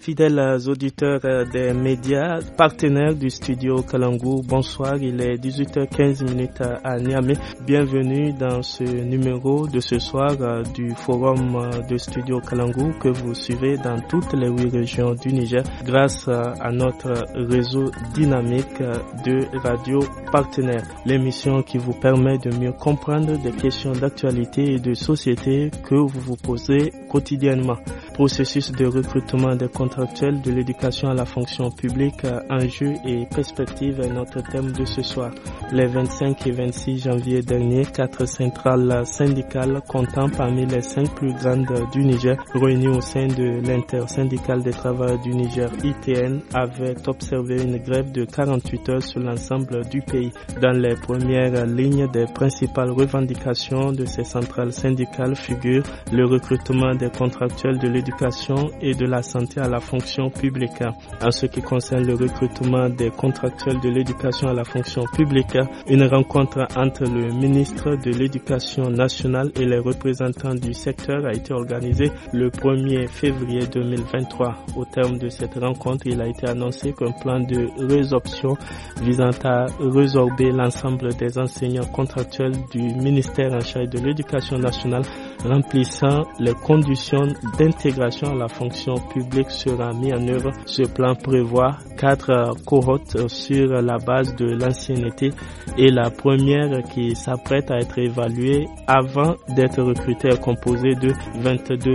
Fidèles auditeurs euh, des médias, partenaires du studio Kalangou, bonsoir. Il est 18h15 euh, à Niamey. Bienvenue dans ce numéro de ce soir euh, du forum de studio Kalangou que vous suivez dans toutes les huit régions du Niger grâce à notre réseau dynamique de radio partenaires. L'émission qui vous permet de mieux comprendre des questions d'actualité et de société que vous vous posez quotidiennement. Processus de recrutement des contrats actuelle de l'éducation à la fonction publique, euh, enjeux et perspective est notre thème de ce soir. Les 25 et 26 janvier dernier, quatre centrales syndicales comptant parmi les cinq plus grandes du Niger, réunies au sein de l'intersyndicale des travailleurs du Niger ITN, avaient observé une grève de 48 heures sur l'ensemble du pays. Dans les premières lignes des principales revendications de ces centrales syndicales figurent le recrutement des contractuels de l'éducation et de la santé à la fonction publique. En ce qui concerne le recrutement des contractuels de l'éducation à la fonction publique, une rencontre entre le ministre de l'Éducation nationale et les représentants du secteur a été organisée le 1er février 2023. Au terme de cette rencontre, il a été annoncé qu'un plan de résorption visant à résorber l'ensemble des enseignants contractuels du ministère en charge de l'Éducation nationale remplissant les conditions d'intégration à la fonction publique sera mis en œuvre. Ce plan prévoit quatre euh, cohortes euh, sur la base de l'ancienneté et la première qui s'apprête à être évaluée avant d'être recrutée est composée de 22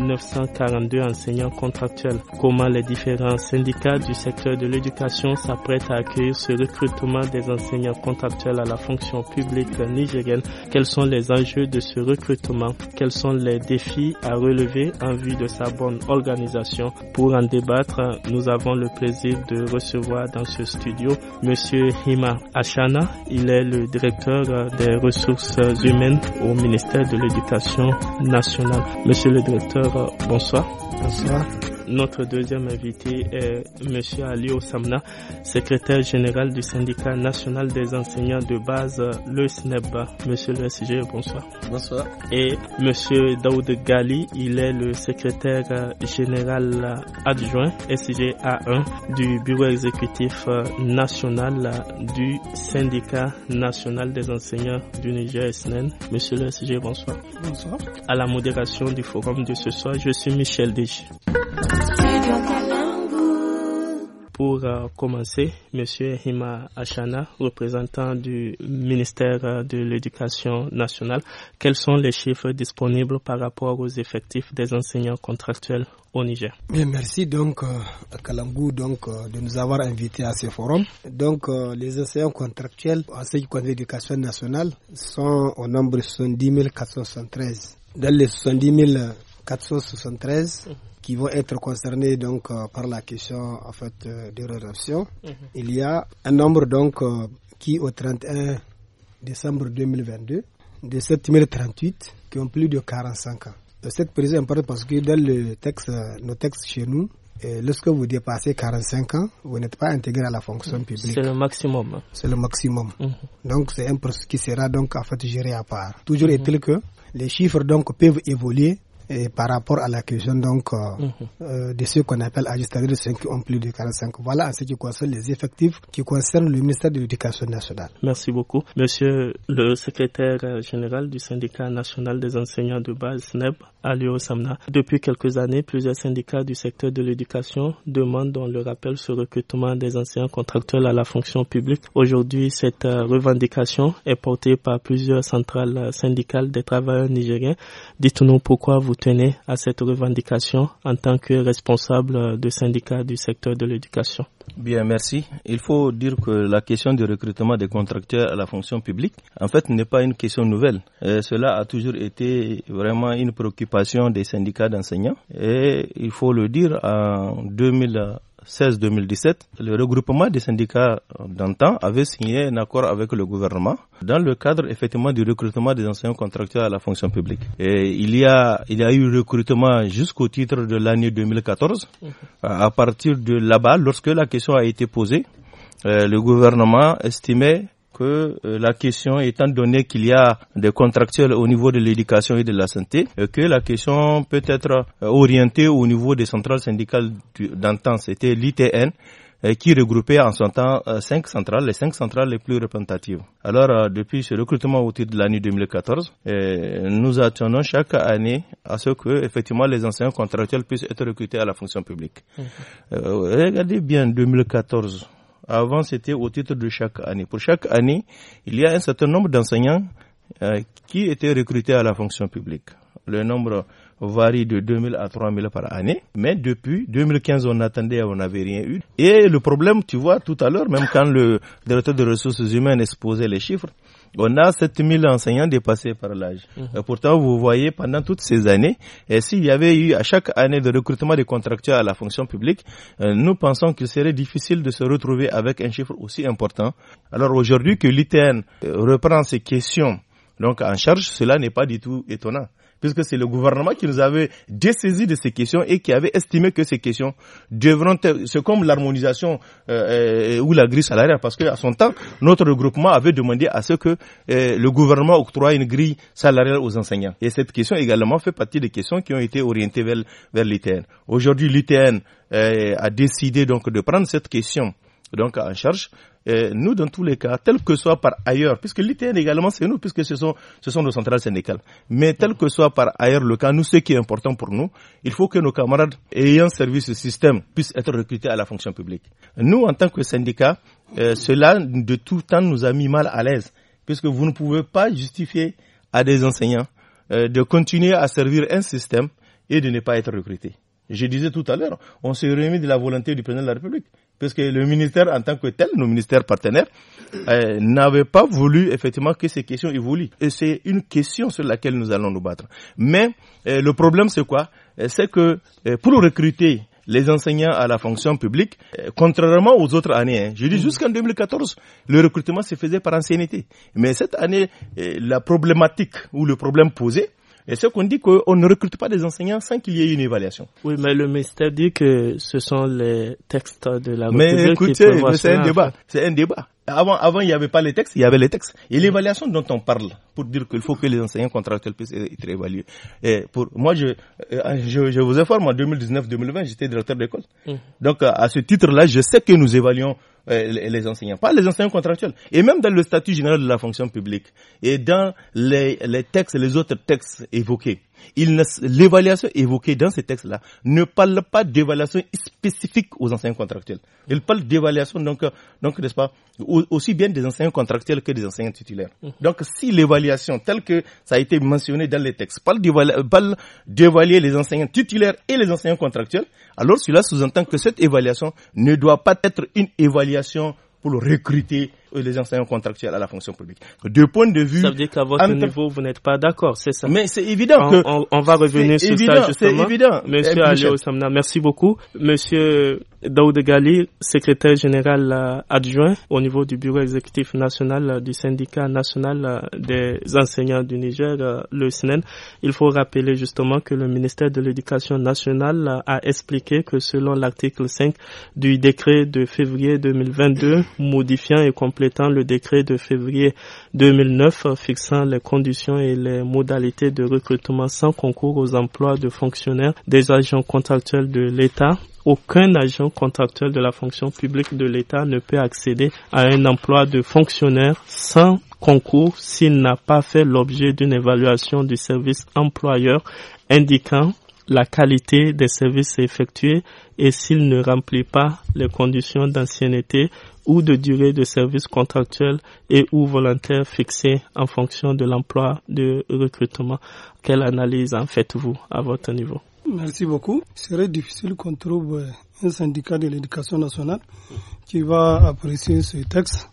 942 enseignants contractuels. Comment les différents syndicats du secteur de l'éducation s'apprêtent à accueillir ce recrutement des enseignants contractuels à la fonction publique nigérienne Quels sont les enjeux de ce recrutement quels sont les défis à relever en vue de sa bonne organisation Pour en débattre, nous avons le plaisir de recevoir dans ce studio Monsieur Hima Ashana. Il est le directeur des ressources humaines au ministère de l'Éducation nationale. Monsieur le directeur, bonsoir. Bonsoir. Notre deuxième invité est M. Ali Osamna, secrétaire général du syndicat national des enseignants de base, le SNEB. Monsieur le SG, bonsoir. Bonsoir. Et M. Daoud Gali, il est le secrétaire général adjoint SGA1 du bureau exécutif national du syndicat national des enseignants du Niger SNEN. E Monsieur le SG, bonsoir. Bonsoir. À la modération du forum de ce soir, je suis Michel Desch. Pour euh, commencer, M. Hima Achana, représentant du ministère euh, de l'Éducation nationale, quels sont les chiffres disponibles par rapport aux effectifs des enseignants contractuels au Niger Bien, merci donc euh, à Kalangou donc, de nous avoir invités à ce forum. Donc les enseignants contractuels enseignants de l'éducation nationale sont au nombre de 70 473. Dans les 70 473, qui vont être concernés donc euh, par la question en fait euh, de rédemption. Mhm. Il y a un nombre donc euh, qui au 31 décembre 2022 de 7038 qui ont plus de 45 ans. Cette prise est importante parce que dans le texte, nos textes chez nous, lorsque vous dépassez 45 ans, vous n'êtes pas intégré à la fonction mhm. publique. C'est le maximum. C'est le maximum. Mhm. Donc c'est un processus qui sera donc en fait géré à part. Toujours est-il que les chiffres donc peuvent évoluer et par rapport à la question donc euh, mhm. euh de ceux qu'on appelle à de ceux qui plus de 45. Voilà en ce qui concerne les effectifs qui concernent le ministère de l'Éducation nationale. Merci beaucoup. Monsieur le secrétaire général du syndicat national des enseignants de base, SNEB, Alio Samna, depuis quelques années, plusieurs syndicats du secteur de l'éducation demandent, dans le rappel, ce recrutement des enseignants contractuels à la fonction publique. Aujourd'hui, cette euh, revendication est portée par plusieurs centrales syndicales des travailleurs nigériens. Dites-nous pourquoi vous tenez à cette revendication en tant que responsable euh, de syndicat du secteur de l'éducation Bien, merci. Il faut dire que la question du recrutement des contracteurs à la fonction publique, en fait, n'est pas une question nouvelle. Euh, cela a toujours été vraiment une préoccupation des syndicats d'enseignants. Et il faut le dire, en 2000, 16 2017 le regroupement des syndicats d'antan avait signé un accord avec le gouvernement dans le cadre effectivement du recrutement des enseignants contractuels à la fonction publique. Et il y a, il y a eu recrutement jusqu'au titre de l'année 2014. À partir de là-bas, lorsque la question a été posée, euh, le gouvernement estimait que euh, la question, étant donné qu'il y a des contractuels au niveau de l'éducation et de la santé, euh, que la question peut être euh, orientée au niveau des centrales syndicales d'antan, c'était l'ITN, qui regroupait en son temps cinq centrales, les cinq centrales les plus représentatives. Alors, depuis ce recrutement au titre de l'année 2014, nous attendons chaque année à ce que, effectivement, les anciens contractuels puissent être recrutés à la fonction publique. Mmh. regardez bien 2014. Avant, c'était au titre de chaque année. Pour chaque année, il y a un certain nombre d'enseignants euh, qui étaient recrutés à la fonction publique. Le nombre varie de 2000 à 3000 par année. Mais depuis 2015, on attendait, on n'avait rien eu. Et le problème, tu vois, tout à l'heure, même quand le directeur des ressources humaines exposait les chiffres, on a 7000 enseignants dépassés par l'âge. Mhm. Euh, pourtant, vous voyez, pendant toutes ces années, et euh, s'il y avait eu à chaque année de recrutement des contracteurs à la fonction publique, euh, nous pensons qu'il serait difficile de se retrouver avec un chiffre aussi important. Alors aujourd'hui que l'ITN reprend ses questions donc en charge, cela n'est pas du tout étonnant puisque c'est le gouvernement qui nous avait dessaisi de ces questions et qui avait estimé que ces questions devront être... c'est comme l'harmonisation euh, euh, ou la grille salariale parce qu'à son temps notre regroupement avait demandé à ce que euh, le gouvernement octroie une grille salariale aux enseignants et cette question également fait partie des questions qui ont été orientées vers, l'UTN. l'ITN. Aujourd'hui l'ITN a décidé donc de prendre cette question donc en charge euh, nous, dans tous les cas, tel que soit par ailleurs, puisque l'ITN également, c'est nous, puisque ce sont, ce sont nos centrales syndicales, mais tel que soit par ailleurs le cas, nous, ce qui est important pour nous, il faut que nos camarades ayant servi ce système puissent être recrutés à la fonction publique. Nous, en tant que syndicat, euh, cela, de tout temps, nous a mis mal à l'aise, puisque vous ne pouvez pas justifier à des enseignants euh, de continuer à servir un système et de ne pas être recrutés. Je disais tout à l'heure, on s'est remis de la volonté du président de la République parce que le ministère en tant que tel, nos ministères partenaires, euh, n'avait pas voulu effectivement que ces questions évoluent. Et c'est une question sur laquelle nous allons nous battre. Mais euh, le problème, c'est quoi euh, C'est que euh, pour recruter les enseignants à la fonction publique, contrairement aux autres années, hein, je dis mm. jusqu'en 2014, le recrutement se faisait par ancienneté. Mais cette année, la problématique ou le problème posé, et ce qu'on dit qu'on ne recrute pas des enseignants sans qu'il y ait une évaluation. Oui, mais le ministère dit que ce sont les textes de la République Mais écoutez, c'est un débat. C'est un débat avant, avant, il n'y avait pas les textes, il y avait les textes. Et mm. l'évaluation dont on parle, pour dire qu'il faut que les enseignants contractuels puissent être évalués. pour, moi, euh, je, je, vous informe, en 2019-2020, j'étais directeur d'école. Mm. Donc, euh, à ce titre-là, je sais que nous évaluons euh, les enseignants, pas les enseignants contractuels, et même dans le statut général de la fonction publique, et dans les, les textes, les autres textes évoqués l'évaluation évoquée dans ces textes-là ne parle pas d'évaluation spécifique aux enseignants contractuels. Elle parle d'évaluation, donc, euh, n'est-ce pas, aussi bien des enseignants contractuels que des enseignants titulaires. Mmh. Donc, si l'évaluation, telle que ça a été mentionné dans les textes, parle d'évaluer les enseignants titulaires et les enseignants contractuels, alors cela sous-entend que cette évaluation ne doit pas être une évaluation pour le recruter euh, les enseignants contractuels à la fonction publique. Deux points de vue... Ça veut dire qu'à votre niveau, vous n'êtes pas d'accord, c'est ça. Mais c'est évident on, que... On, va revenir sur ça, justement. Monsieur eh, Ali Samna, merci beaucoup. Monsieur Daoud Gali, secrétaire général euh, adjoint au niveau du bureau exécutif national euh, du syndicat national des enseignants du Niger, le SNEN. E Il faut rappeler justement que le ministère de l'Éducation nationale a expliqué que selon l'article 5 du décret de février 2022 modifiant et complétant étant le décret de février 2009 fixant les conditions et les modalités de recrutement sans concours aux emplois de fonctionnaires des agents contractuels de l'État aucun agent contractuel de la fonction publique de l'État ne peut accéder à un emploi de fonctionnaire sans concours s'il n'a pas fait l'objet d'une évaluation du service employeur indiquant la qualité des services effectués et s'il ne remplit pas les conditions d'ancienneté ou de durée de service contractuel et ou volontaire fixées en fonction de l'emploi de recrutement. Quelle analyse en faites-vous à votre niveau Merci beaucoup. Il serait difficile qu'on trouve euh, un syndicat de l'éducation nationale qui va apprécier ce texte,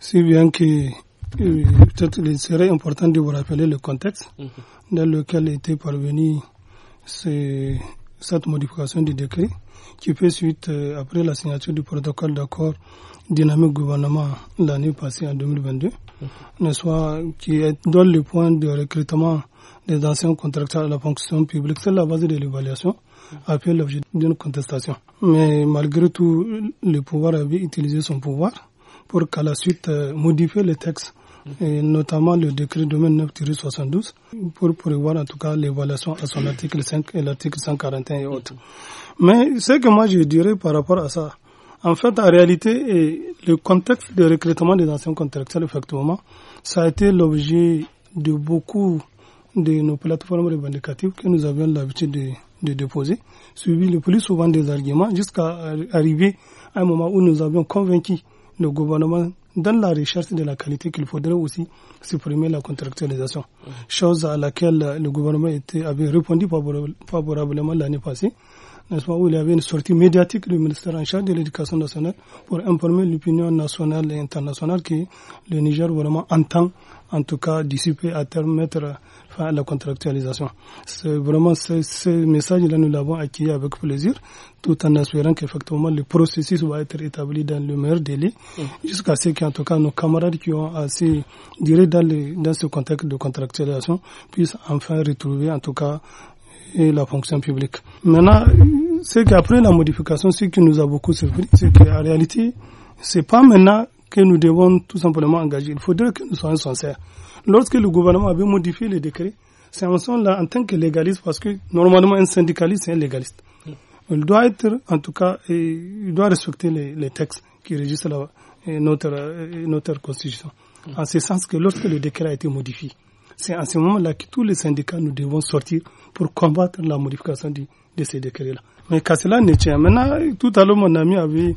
si bien que euh, peut-être il serait important de vous rappeler le contexte mhm. dans lequel était parvenu c'est cette modification du décret qui fait suite euh, après la signature du protocole d'accord dynamique gouvernement l'année passée en 2022, ne soit qui donne le point de recrutement des anciens contracteurs à la fonction publique C'est la base de l'évaluation a fait l'objet d'une contestation. Mais malgré tout, le pouvoir avait utilisé son pouvoir pour qu'à la suite euh, modifier les textes et notamment le décret 2009 72 pour prévoir en tout cas l'évaluation à son article 5 et l'article 141 et autres. Mais ce que moi je dirais par rapport à ça, en fait, en réalité, le contexte de recrutement des anciens contractuels, effectivement, ça a été l'objet de beaucoup de nos plateformes revendicatives que nous avions l'habitude de, de, déposer, suivi le plus souvent des arguments, jusqu'à arriver à un moment où nous avions convaincu le gouvernement dans la recherche de la qualité qu'il faudrait aussi supprimer la contractualisation, chose à laquelle le gouvernement avait répondu favorablement l'année passée, n'est-ce pas, où il y avait une sortie médiatique du ministère en charge de l'éducation nationale pour informer l'opinion nationale et internationale que le Niger vraiment entend, en tout cas, dissiper à terme, mettre à la contractualisation. C'est vraiment ce, message-là, nous l'avons acquis avec plaisir, tout en assurant qu'effectivement le processus va être établi dans le meilleur délai, mm. jusqu'à ce qu'en tout cas nos camarades qui ont assez duré dans, ce contexte de contractualisation puissent enfin retrouver en tout cas la fonction publique. Maintenant, c'est qu'après la modification, ce qui nous a beaucoup surpris, c'est qu'en réalité, c'est pas maintenant que nous devons tout simplement engager. Il faudrait que nous soyons sincères lorsque le gouvernement avait modifié le décret, c'est en là en tant que légaliste, parce que normalement un syndicaliste, c'est un légaliste. Mm. Il doit être, en tout cas, il doit respecter les, textes qui régissent notre, constitution. Mm. En ce sens que lorsque le décret a été modifié, c'est à ce moment-là que tous les syndicats nous devons sortir pour combattre la modification de ces décrets-là. Mais qu'à cela ne tient. Maintenant, tout à l'heure, mon ami avait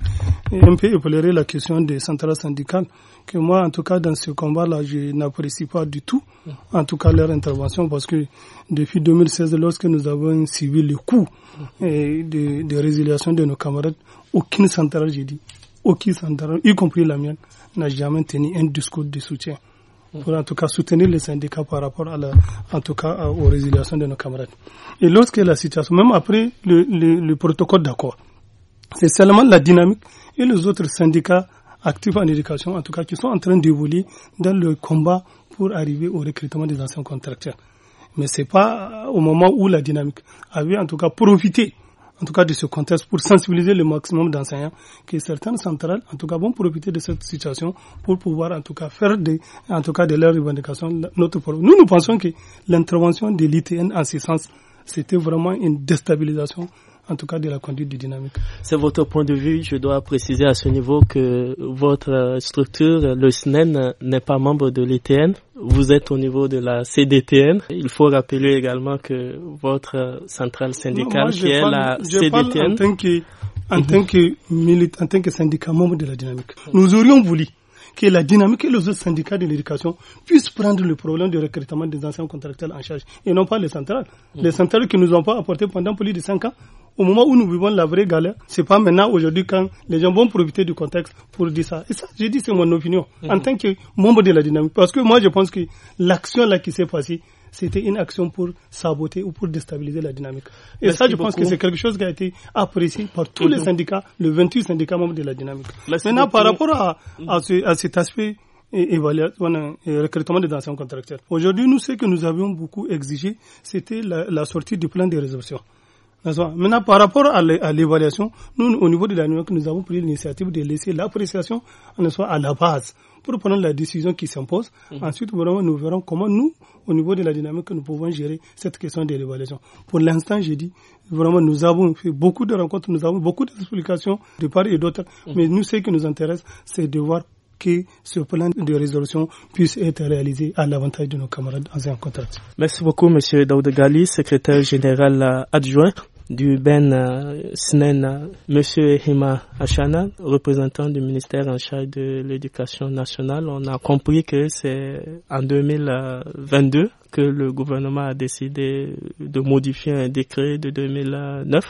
un peu éploré la question des centrales syndicales, que moi, en tout cas, dans ce combat-là, je n'apprécie pas du tout, en tout cas, leur intervention, parce que depuis 2016, lorsque nous avons suivi le coup eh, de résiliation de nos camarades, aucune centrale, j'ai dit, aucune centrale, y compris la mienne, n'a jamais tenu un discours de soutien pour en tout cas soutenir les syndicats par rapport à en tout cas euh, aux résiliations de nos camarades. Et lorsque la situation, même après le, le, protocole d'accord, c'est seulement la dynamique et les autres syndicats actifs en éducation, en tout cas qui sont en train d'évoluer dans le combat pour arriver au recrutement des anciens contracteurs. Mais c'est pas au moment où la dynamique avait en tout cas profité en tout cas de ce contexte, pour sensibiliser le maximum d'enseignants que certaines centrales, en tout cas, vont profiter de cette situation pour pouvoir, en tout cas, faire des, en tout cas, de leurs revendications notre problème. Nous, nous pensons que l'intervention de l'ITN en ce sens, c'était vraiment une déstabilisation en tout cas de la conduite du dynamique. C'est votre point de vue. Je dois préciser à ce niveau que votre euh, structure, le SNEN, e n'est pas membre de l'ETN. Vous êtes au niveau de la CDTN. Il faut rappeler également que votre euh, centrale syndicale, qui est la CDTN. en tant que, en tant que syndicat membre de la dynamique. Nous aurions voulu que la dynamique et les autres syndicats de l'éducation puissent prendre le problème du recrutement des anciens contractuels en charge et non pas les centrales. Mm. Les centrales qui nous ont pas apporté pendant plus de 5 ans, au moment où nous vivons la vraie galère, c'est pas maintenant, aujourd'hui, quand les gens vont profiter du contexte pour dire ça. Et ça, j'ai dit, c'est mon opinion, mhm. en tant que membre de la dynamique. Parce que moi, je pense que l'action là qui s'est passée, c'était une action pour saboter ou pour déstabiliser la dynamique. Et ça, je pense que c'est quelque chose qui a été apprécié par tous les mhm. syndicats, le 28 syndicats membres de la dynamique. Maintenant, par rapport à, cet aspect et, évaluation, et euh, recrutement des anciens contracteurs, aujourd'hui, nous, ce que nous avions beaucoup exigé, c'était la, la sortie du plan de résolution. Maintenant, par rapport à l'évaluation, nous, au niveau de la dynamique, nous avons pris l'initiative de laisser l'appréciation à la base pour prendre la décision qui s'impose. Mhm. Ensuite, vraiment, nous verrons comment nous, au niveau de la dynamique, nous pouvons gérer cette question de l'évaluation. Pour l'instant, j'ai dit, vraiment, nous avons fait beaucoup de rencontres, nous avons beaucoup d'explications de part et d'autre, mhm. mais nous, ce qui nous intéresse, c'est de voir que ce plan de résolution puisse être réalisé à l'avantage de nos camarades en contact. Merci beaucoup, Monsieur Daoud Gali, secrétaire général euh, adjoint du Ben euh, Snen, euh, Monsieur Hima Achana, représentant du ministère en charge de l'éducation nationale. On a compris que c'est en 2022 que le gouvernement a décidé de modifier un décret de 2009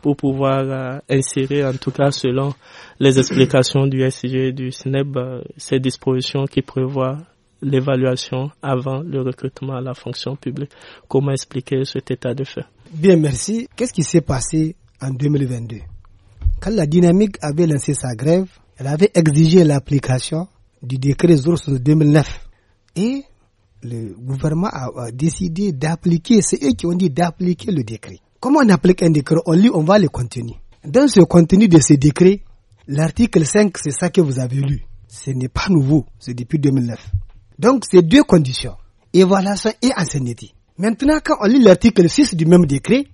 pour pouvoir euh, insérer, en tout cas selon les explications du SIG et du SNEB, ces dispositions qui prévoient l'évaluation avant le recrutement à la fonction publique. Comment expliquer cet état de fait Bien, merci. Qu'est-ce qui s'est passé en 2022 Quand la dynamique avait lancé sa grève, elle avait exigé l'application du décret deux de 2009. Et le gouvernement a, décidé d'appliquer, c'est eux qui ont dit d'appliquer le décret. Comment on applique un décret On lit, on voit le contenu. Dans ce contenu de ce décret, l'article 5, c'est ça que vous avez lu. Ce n'est pas nouveau, c'est depuis 2009. Donc, c'est deux conditions. Évaluation et ancienneté. Maintenant, quand on lit l'article 6 du même décret,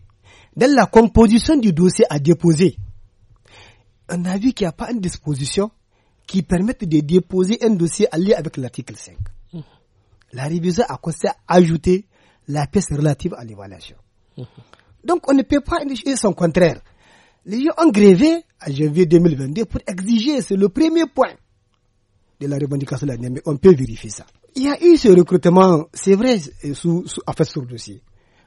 dans la composition du dossier à déposer, on a vu qu'il n'y a pas une disposition qui permette de déposer un dossier à avec l'article 5. Mm-hmm. La révision a constaté à ajouter la pièce relative à l'évaluation. Mm-hmm. Donc, on ne peut pas indiquer son contraire. Les gens ont grévé à janvier 2022 pour exiger, c'est le premier point de la revendication de la mais e. on peut vérifier ça il y a eu ce recrutement, c'est vrai, euh, sous, sous, fait, sur le dossier,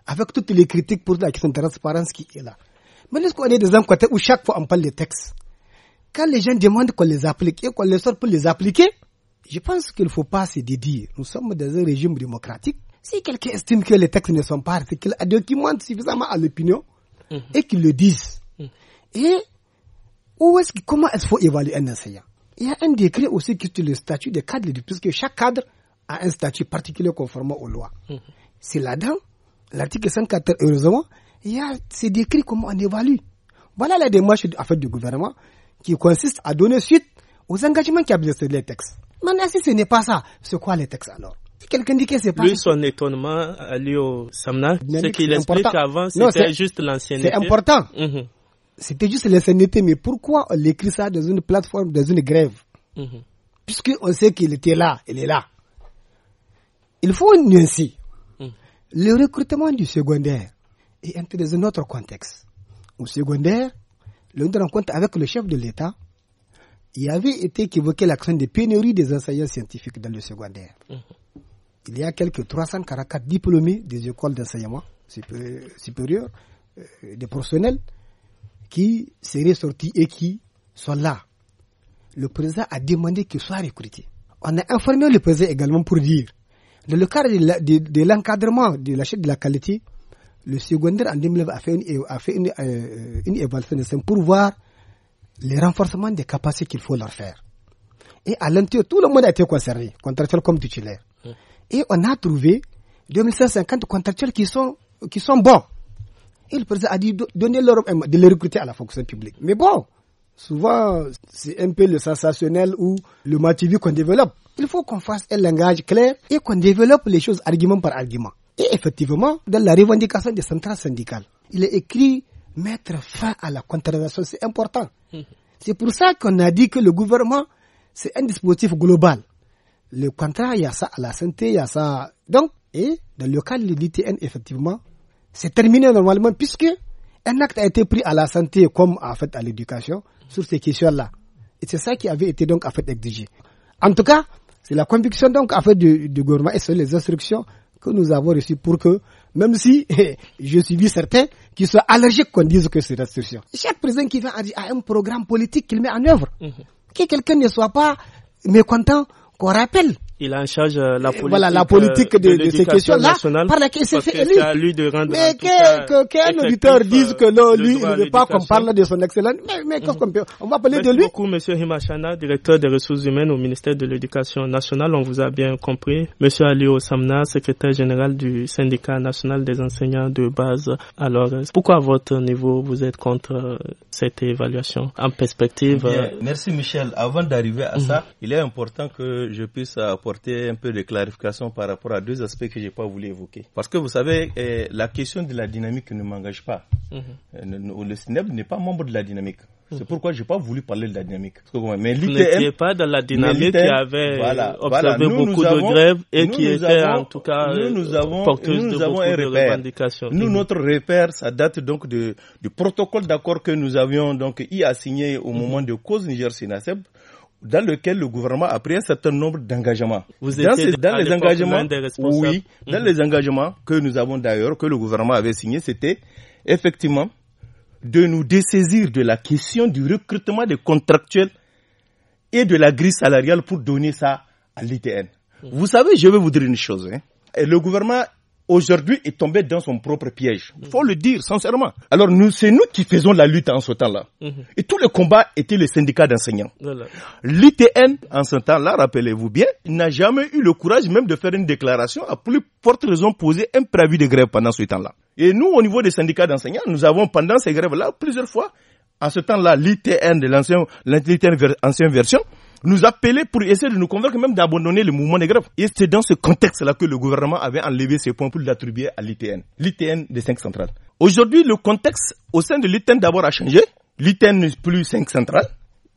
avec toutes les critiques pour la question de transparence qui est là. Mais lorsqu'on est dans un côté où chaque fois on parle des textes, quand les gens demandent qu'on les applique et qu'on les sorte pour les appliquer, je pense qu'il ne faut pas se dédire. Nous sommes dans un régime démocratique. Si quelqu'un estime que les textes ne sont pas des documents suffisamment à l'opinion mhm. et qu'il le dise. Mhm. Et où est-ce, comment est-ce qu'il faut évaluer un enseignant Il y a un décret aussi qui est le statut des cadres, puisque chaque cadre à un statut particulier conformément aux lois. Hum. C'est là-dedans, l'article 104, heureusement, c'est décrit comment on évalue. Voilà la démarche en fait, du gouvernement qui consiste à donner suite aux engagements qui avaient les textes. Maintenant, si ce n'est pas ça, c'est quoi les textes alors quelqu'un dit que c'est pas Lui, son étonnement lié au Samna, Ce qu'il explique avant, c'était juste l'ancienneté. C'est important. Hum, hum. C'était juste l'ancienneté, mais pourquoi on écrit ça dans une plateforme, dans une grève Puisqu'on sait qu'il était là, il est là il faut nuancer. Hmm. Le recrutement du secondaire est entré dans un autre contexte. Au secondaire, lors rencontre avec le chef de l'État, il avait été évoqué l'action de des pénuries des enseignants scientifiques dans le secondaire. Hmm. Il y a quelques 344 diplômés des écoles d'enseignement supérieur, euh, des professionnels, qui seraient sortis et qui sont là. Le président a demandé qu'ils soient recrutés. On a informé le président également pour dire dans le cadre de, l'encadrement de, de la qualité, le secondaire en 2009 a fait une, a fait une, euh, évaluation pour voir les renforcements des capacités qu'il faut leur faire. Et à l'intérieur, tout le monde a été concerné, contractuel comme titulaire. Mmh. Et on a trouvé 2550 contractuels qui sont, qui sont bons. Et le président a dit donner euh, de les recruter à la fonction publique. Mais bon, souvent, c'est un peu le sensationnel ou le motivé qu'on développe il faut qu'on fasse un langage clair et qu'on développe les choses argument par argument. Et effectivement, dans la revendication des centrales syndicales, il est écrit mettre fin à la contradiction, c'est important. Mhm. C'est pour ça qu'on a dit que le gouvernement, c'est un dispositif global. Le contrat, il y a ça à la santé, il y a ça. Donc, et dans le cas de l'ITN, effectivement, c'est terminé normalement puisque un acte a été pris à la santé comme fait à l'éducation sur ces questions-là. Et c'est ça qui avait été donc à fait exigé. En tout cas, c'est la conviction donc à faire du, gouvernement et c'est les instructions que nous avons reçues pour que, même si je suis vu certains qui sont allergiques qu'on dise que c'est l'instruction. Chaque président qui vient a un programme politique qu'il met en œuvre. Mhm. Que quelqu'un ne soit pas mécontent qu'on rappelle il a en charge euh, la politique, la euh, politique de, de, nationale. ces questions-là. c'est élu. à lui de rendre. Mais qu'un auditeur euh, dise que non, lui, il ne veut pas qu'on parle de son excellence. Mais, mais qu'est-ce mhm. qu'on peut On va parler de lui. Merci beaucoup, Monsieur Himachana, directeur des ressources humaines au ministère de l'Éducation nationale. On vous a bien compris. Monsieur Ali Osamna, secrétaire général du syndicat national des enseignants de base. Alors, pourquoi à votre niveau vous êtes contre cette évaluation en perspective Merci Michel. Avant d'arriver à mhm. ça, il est important que je puisse porter un peu de clarification par rapport à deux aspects que je n'ai pas voulu évoquer. Parce que vous savez, eh, la question de la dynamique ne m'engage pas. Mhm. Eh, le SNEB n'est pas membre de la dynamique. C'est mhm. pourquoi je n'ai pas voulu parler de la dynamique. Mais l'ITM. pas dans la dynamique qui avait observé beaucoup de grèves et qui était en tout cas nous, euh, porteuse de de revendications. Nous, mhm. notre repère, ça date donc de, du protocole d'accord que nous avions donc y assigné au moment de cause Niger-Sinaseb dans lequel le gouvernement a pris un certain nombre d'engagements. dans, dans les engagements, oui, dans mhm. les engagements que nous avons d'ailleurs, que le gouvernement avait signé, c'était effectivement de nous dessaisir de la question du recrutement des contractuels et de la grille salariale pour donner ça à l'ITN. Mhm. Vous savez, je vais vous dire une chose. Hein. le gouvernement aujourd'hui est tombé dans son propre piège. Il mhm. faut le dire sincèrement. Alors nous, c'est nous qui faisons la lutte en ce temps-là. Mhm. Et tout le combat était le syndicat d'enseignants. L'ITN, en ce temps-là, rappelez-vous bien, n'a jamais eu le courage même de faire une déclaration, à plus forte raison poser un préavis de grève pendant ce temps-là. Et nous, au niveau des syndicats d'enseignants, nous avons pendant ces grèves-là plusieurs fois, en ce temps-là, l'ITN de l'ancien, l'ancien version, nous appeler pour essayer de nous convaincre même d'abandonner le mouvement des grèves. Et c'est dans ce contexte-là que le gouvernement avait enlevé ces points pour l'attribuer à l'ITN, l'ITN des cinq centrales. Aujourd'hui, le contexte au sein de l'ITN d'abord a changé. L'ITN n'est plus cinq centrales.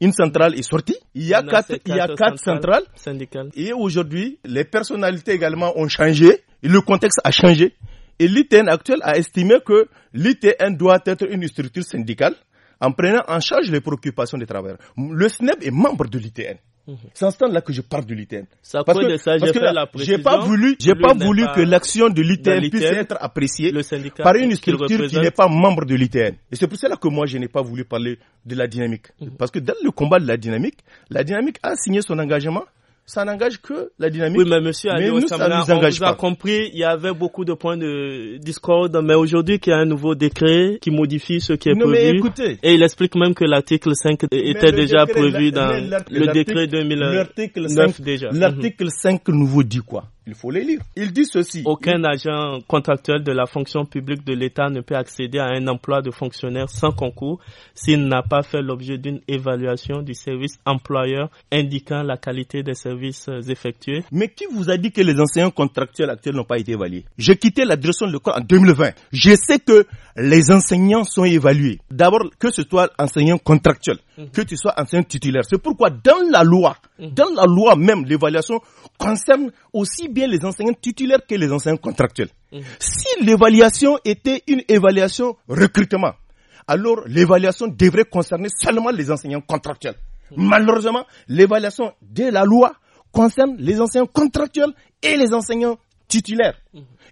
Une centrale est sortie. Il y a, quatre, il y a quatre centrales. Syndicales. Et aujourd'hui, les personnalités également ont changé. le contexte a changé. Et l'ITN actuel a estimé que l'ITN doit être une structure syndicale en prenant en charge les préoccupations des travailleurs. Le SNEP est membre de l'ITN. Mhm. C'est en ce temps-là que je parle de l'ITN. parce que, pas voulu, j'ai pas e voulu que l'action de l'ITN puisse être appréciée par une structure qui n'est pas membre de l'ITN. Et c'est pour cela que moi, je n'ai pas voulu parler de la dynamique. Mhm. Parce que dans le combat de la dynamique, la dynamique a signé son engagement ça n'engage que la dynamique. Oui, mais monsieur nous, ça nous engage on compris, il y avait beaucoup de points de discorde, mais aujourd'hui qu'il y a un nouveau décret qui modifie ce qui est prévu. et il explique même que l'article 5 était déjà prévu dans le décret 2009 déjà. L'article 5 nouveau dit quoi il faut les lire. Il dit ceci. Aucun agent contractuel de la fonction publique de l'État ne peut accéder à un emploi de fonctionnaire sans concours s'il n'a pas fait l'objet d'une évaluation du service employeur indiquant la qualité des services effectués. Mais qui vous a dit que les enseignants contractuels actuels n'ont pas été évalués J'ai quitté la direction de l'école en 2020. Je sais que les enseignants sont évalués. D'abord, que ce soit enseignant contractuel. Mhm. que tu sois ancien titulaire. C'est pourquoi dans la loi, mhm. dans la loi même, l'évaluation concerne aussi bien les enseignants titulaires que les enseignants contractuels. Mhm. Si l'évaluation était une évaluation recrutement, alors l'évaluation devrait concerner seulement les enseignants contractuels. Malheureusement, l'évaluation de la loi concerne les enseignants contractuels et les enseignants titulaires.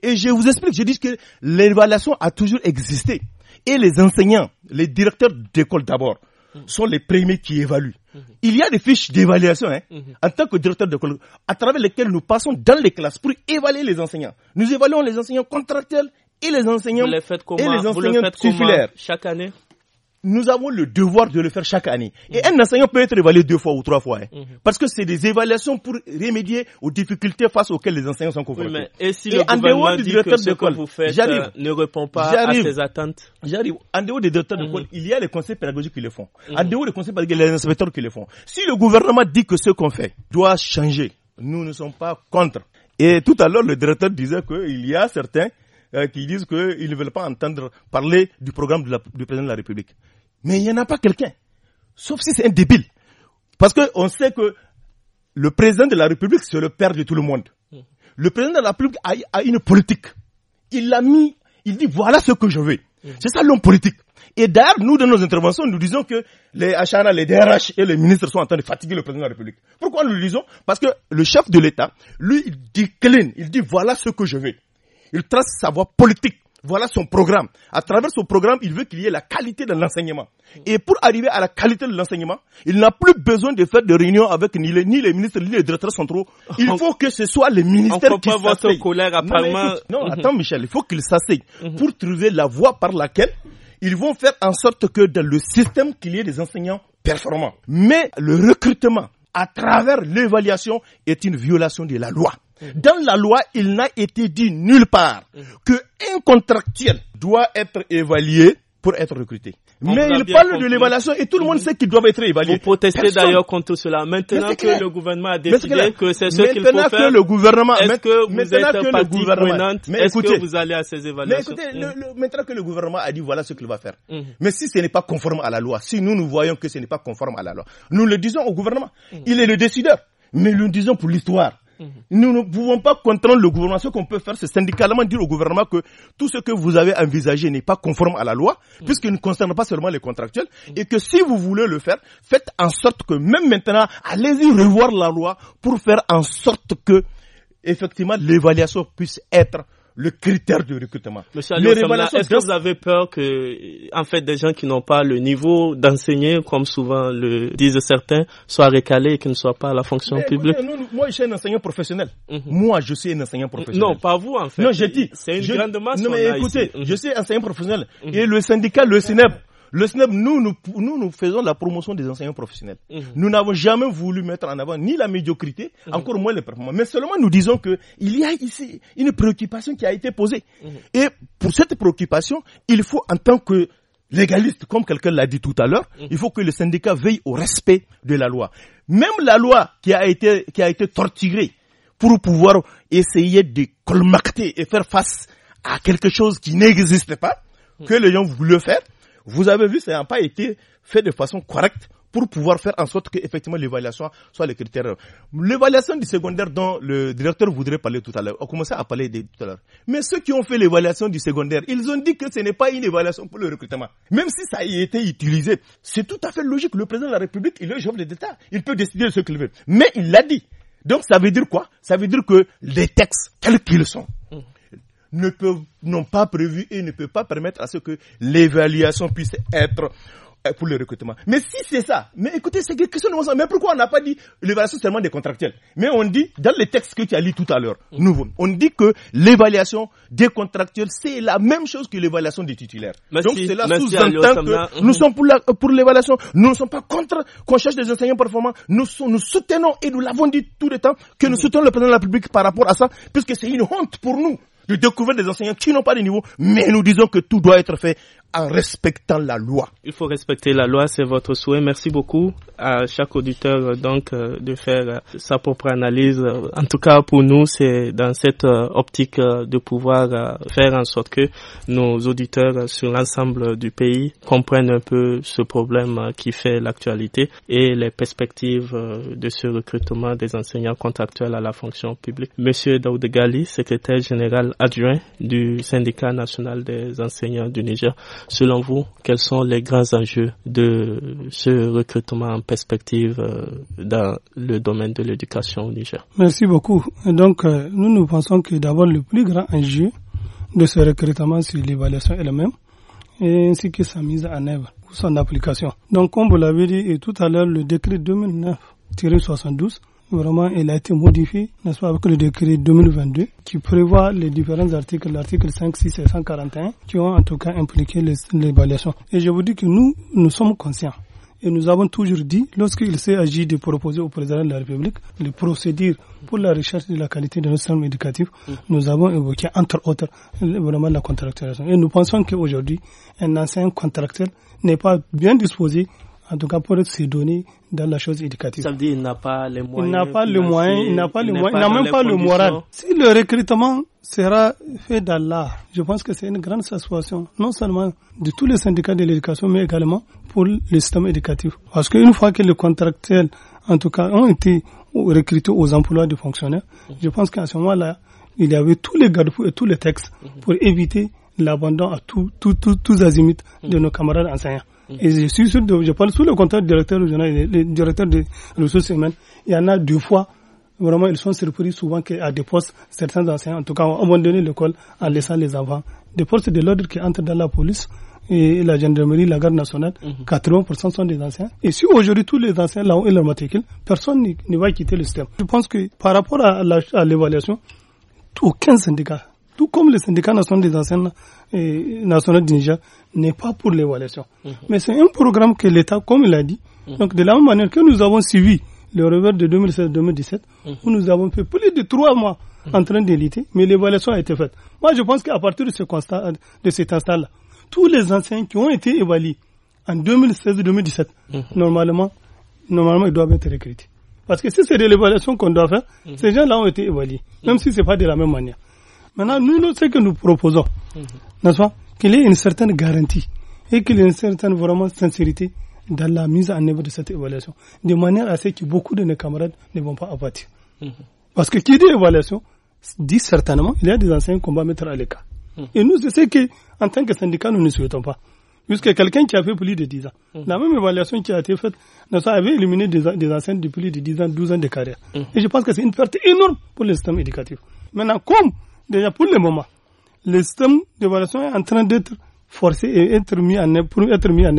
Et je vous explique, je dis que l'évaluation a toujours existé. Et les enseignants, les directeurs d'école d'abord, Mhm. sont les premiers qui évaluent. Mhm. Il y a des fiches d'évaluation hein, mhm. en tant que directeur de collège, à travers lesquelles nous passons dans les classes pour évaluer les enseignants. Nous évaluons les enseignants contractuels et les enseignants, les faites et les enseignants chaque année nous avons le devoir de le faire chaque année. Et un enseignant peut être évalué deux fois ou trois fois. Hein. Mhm. parce que c'est des évaluations pour remédier aux difficultés face auxquelles les enseignants sont confrontés. et si le le en dehors du directeur vous faites euh, ne répond pas à ses attentes. J'arrive. En dehors des directeurs mhm. d'école, il y a les conseils pédagogiques qui le font. En mhm. dehors des conseils pédagogiques, les inspecteurs qui le font. Si le gouvernement dit que ce qu'on fait doit changer, nous ne sommes pas contre. Et tout à l'heure, le directeur disait qu'il y a certains euh, qui disent qu'ils ne veulent pas entendre parler du programme du président de la République. Mais il n'y en a pas quelqu'un. Sauf si c'est un débile. Parce qu'on sait que le président de la République, c'est le père de tout le monde. Hmm. Le président de la République a, une politique. Il l'a mis, il dit voilà ce que je veux. Hmm. C'est ça l'homme politique. Et d'ailleurs, nous, dans nos interventions, nous disons que les HRA, les DRH et les ministres sont en train de fatiguer le président de la République. Pourquoi nous le disons Parce que le chef de l'État, lui, il décline, il dit voilà ce que je veux. Il trace sa voie politique. Voilà son programme. À travers son programme, il veut qu'il y ait la qualité de l'enseignement. Et pour arriver à la qualité de l'enseignement, il n'a plus besoin de faire de réunions avec ni les, ministres, ni les directeurs centraux. Il faut que ce soit les ministères on qui pas votre colère apparemment. Non, non, mhm. attends Michel, il faut qu'ils s'asseyent mhm. pour trouver la voie par laquelle ils vont faire en sorte que dans le système qu'il y ait des enseignants performants. Mais le recrutement à travers l'évaluation est une violation de la loi. Mhm. Dans la loi, il n'a été dit nulle part mhm. que un contractuel doit être évalué pour être recruté. mais il parle de l'évaluation et tout le monde mhm. sait qu'ils doivent être évalués. Vous protestez d'ailleurs contre cela. Maintenant que le gouvernement a décidé que c'est ce qu'il faut faire. Maintenant que le gouvernement, est-ce que vous êtes que Est-ce que vous allez à ces évaluations Mais écoutez, maintenant que le gouvernement a dit voilà ce qu'il va faire. Mais si ce n'est pas conforme à la loi, si nous nous voyons que ce n'est pas conforme à la loi, nous le disons au gouvernement. Il est le décideur. Mais nous le disons pour l'histoire. Mhm. Nous ne pouvons pas contraindre le gouvernement. Ce qu'on peut faire, c'est syndicalement dire au gouvernement que tout ce que vous avez envisagé n'est pas conforme à la loi, mhm. puisqu'il ne concerne pas seulement les contractuels, et que si vous voulez le faire, faites en sorte que même maintenant, allez-y revoir la loi pour faire en sorte que effectivement l'évaluation puisse être le critère de recrutement. Monsieur Ali, est-ce que vous avez peur que, en fait, des gens qui n'ont pas le niveau d'enseigner, comme souvent le disent certains, soient récalés et qu'ils ne soient pas à la fonction publique Moi, je suis un enseignant professionnel. Mhm. Moi, je suis un enseignant professionnel. Non, pas vous, en fait. Non, j'ai dit. C'est une grande masse. Non, mais écoutez, je suis un enseignant professionnel. Mhm. Et le syndicat, le CNEP, le SNEP, nous, nous, nous, faisons la promotion des enseignants professionnels. Mhm. Nous n'avons jamais voulu mettre en avant ni la médiocrité, mhm. encore moins les performances. Mais seulement nous disons que il y a ici une préoccupation qui a été posée. Mhm. Et pour cette préoccupation, il faut en tant que légaliste, comme quelqu'un l'a dit tout à l'heure, il faut que le syndicat veille au respect de la loi. Même la loi qui a été, qui a été torturée pour pouvoir essayer de colmacter et faire face à quelque chose qui n'existe pas, que les gens voulaient faire, vous avez vu, ça n'a pas été fait de façon correcte pour pouvoir faire en sorte que effectivement l'évaluation soit les critères. L'évaluation du secondaire dont le directeur voudrait parler tout à l'heure, on commençait à parler tout à l'heure. Mais ceux qui ont fait l'évaluation du secondaire, ils ont dit que ce n'est pas une évaluation pour le recrutement. Même si ça a été utilisé, c'est tout à fait logique. Le président de la République, il est chef de l'État, il peut décider de ce qu'il veut. Mais il l'a dit. Donc ça veut dire quoi Ça veut dire que les textes, quels qu'ils sont, ne n'ont pas prévu et ne peuvent pas permettre à ce que l'évaluation puisse être euh, pour le recrutement. Mais si c'est ça, mais écoutez, c'est que de Mais pourquoi on n'a pas dit l'évaluation seulement des contractuels Mais on dit, dans les textes que tu as lu tout à l'heure, mm-hmm. nouveau, on dit que l'évaluation des contractuels, c'est la même chose que l'évaluation des titulaires. Donc cela sous-entend que mm-hmm. nous sommes pour, l'évaluation, nous ne sommes pas contre qu'on cherche des enseignants performants, nous, nous soutenons, et nous l'avons dit tout le temps, que nous mm-hmm. soutenons le président de la République par rapport à ça, puisque c'est une honte pour nous je découvre des enseignants qui n'ont pas de niveau, mais nous disons que tout doit être fait en respectant la loi. Il faut respecter la loi, c'est votre souhait. Merci beaucoup à chaque auditeur euh, donc euh, de faire euh, sa propre analyse. En tout cas, pour nous, c'est dans cette optique de pouvoir faire en sorte que nos auditeurs sur l'ensemble du pays comprennent un peu ce problème qui fait l'actualité et les perspectives de ce recrutement des enseignants contractuels à la fonction publique. Monsieur Daoud secrétaire général adjoint du syndicat national des enseignants du Niger. Selon vous, quels sont les grands enjeux de ce recrutement en perspective euh, dans le domaine de l'éducation au Niger Merci beaucoup. Donc, euh, nous, nous pensons que d'abord, le plus grand enjeu de ce recrutement, c'est l'évaluation elle-même ainsi que sa mise en œuvre ou son application. Donc, comme vous l'avez dit tout à l'heure, le décret 2009-72 vraiment elle a été modifiée, n'est-ce pas, avec le décret 2022 qui prévoit les différents articles, l'article 5, 6 et 141, qui ont en tout cas impliqué l'évaluation. Et je vous dis que nous, nous sommes conscients. Et nous avons toujours dit, lorsqu'il s'est agi de proposer au président de la République les procédures pour la recherche de la qualité de nos sommes éducatives, nous avons évoqué, entre autres, vraiment la contractualisation. Et nous pensons qu'aujourd'hui, un ancien contractuel n'est pas bien disposé en tout cas pour se donner dans la chose éducative. Ça veut dire qu'il n'a pas les moyens. Il n'a pas le moyen, il n'a pas le même pas le moral. Si le recrutement sera fait dans l'art, je pense que c'est une grande satisfaction, non seulement de tous les syndicats de l'éducation, mais également pour le système éducatif. Parce qu'une fois que les contractuels, en tout cas, ont été recrutés aux emplois de fonctionnaires, je pense qu'à ce moment-là, il y avait tous les garde-fous et tous les textes mhm. pour éviter l'abandon à tous tout, azimuts de nos camarades enseignants. Et je suis sûr je parle sous le contrôle du directeur régional le directeur des ressources humaines, il y en a deux fois, vraiment, ils sont surpris souvent qu'à des postes, certains anciens, en tout cas, ont abandonné l'école en laissant les avant Des postes de l'ordre qui entrent dans la police, et la gendarmerie, la garde nationale, 80% mhm. sont des anciens. Et si aujourd'hui tous les anciens là ont leur matricule, personne ne va quitter le système. Je pense que par rapport à l'évaluation, aucun syndicat tout comme le syndicat national des anciens euh, nationaux du n'est pas pour l'évaluation. Mhm. Mais c'est un programme que l'État, comme il a dit, mhm. donc de la même manière que nous avons suivi le revers de 2016-2017, mhm. où nous avons fait plus de trois mois en train d'éliter, mais l'évaluation a été faite. Moi, je pense qu'à partir de ce constat, de cet instant-là, tous les anciens qui ont été évalués en 2016-2017, normalement, normalement, ils doivent être recrutés. Parce que si c'est de l'évaluation qu'on doit faire, ces gens-là ont été évalués, même si ce n'est pas de la même manière. Maintenant, nous, ce que nous proposons, mhm. qu'il y ait une certaine garantie et qu'il y ait une certaine vraiment sincérité dans la mise en œuvre de cette évaluation, de manière à ce que beaucoup de nos camarades ne vont pas abattre. Mhm. Parce que qui dit évaluation dit certainement il y a des anciens qu'on va mettre à l'écart. Mhm. Et nous, c'est ce que, en tant que syndicat, nous ne souhaitons pas. Puisque quelqu'un qui a fait plus de 10 ans, la même évaluation qui a été faite, nous avait éliminé des, des anciens de plus de 10 ans, 12 ans de carrière. Et je pense que c'est une perte énorme pour le système éducatif. Maintenant, comme déjà pour le moment, le système d'évaluation est en train d'être forcé et être mis en œuvre, pour être mis en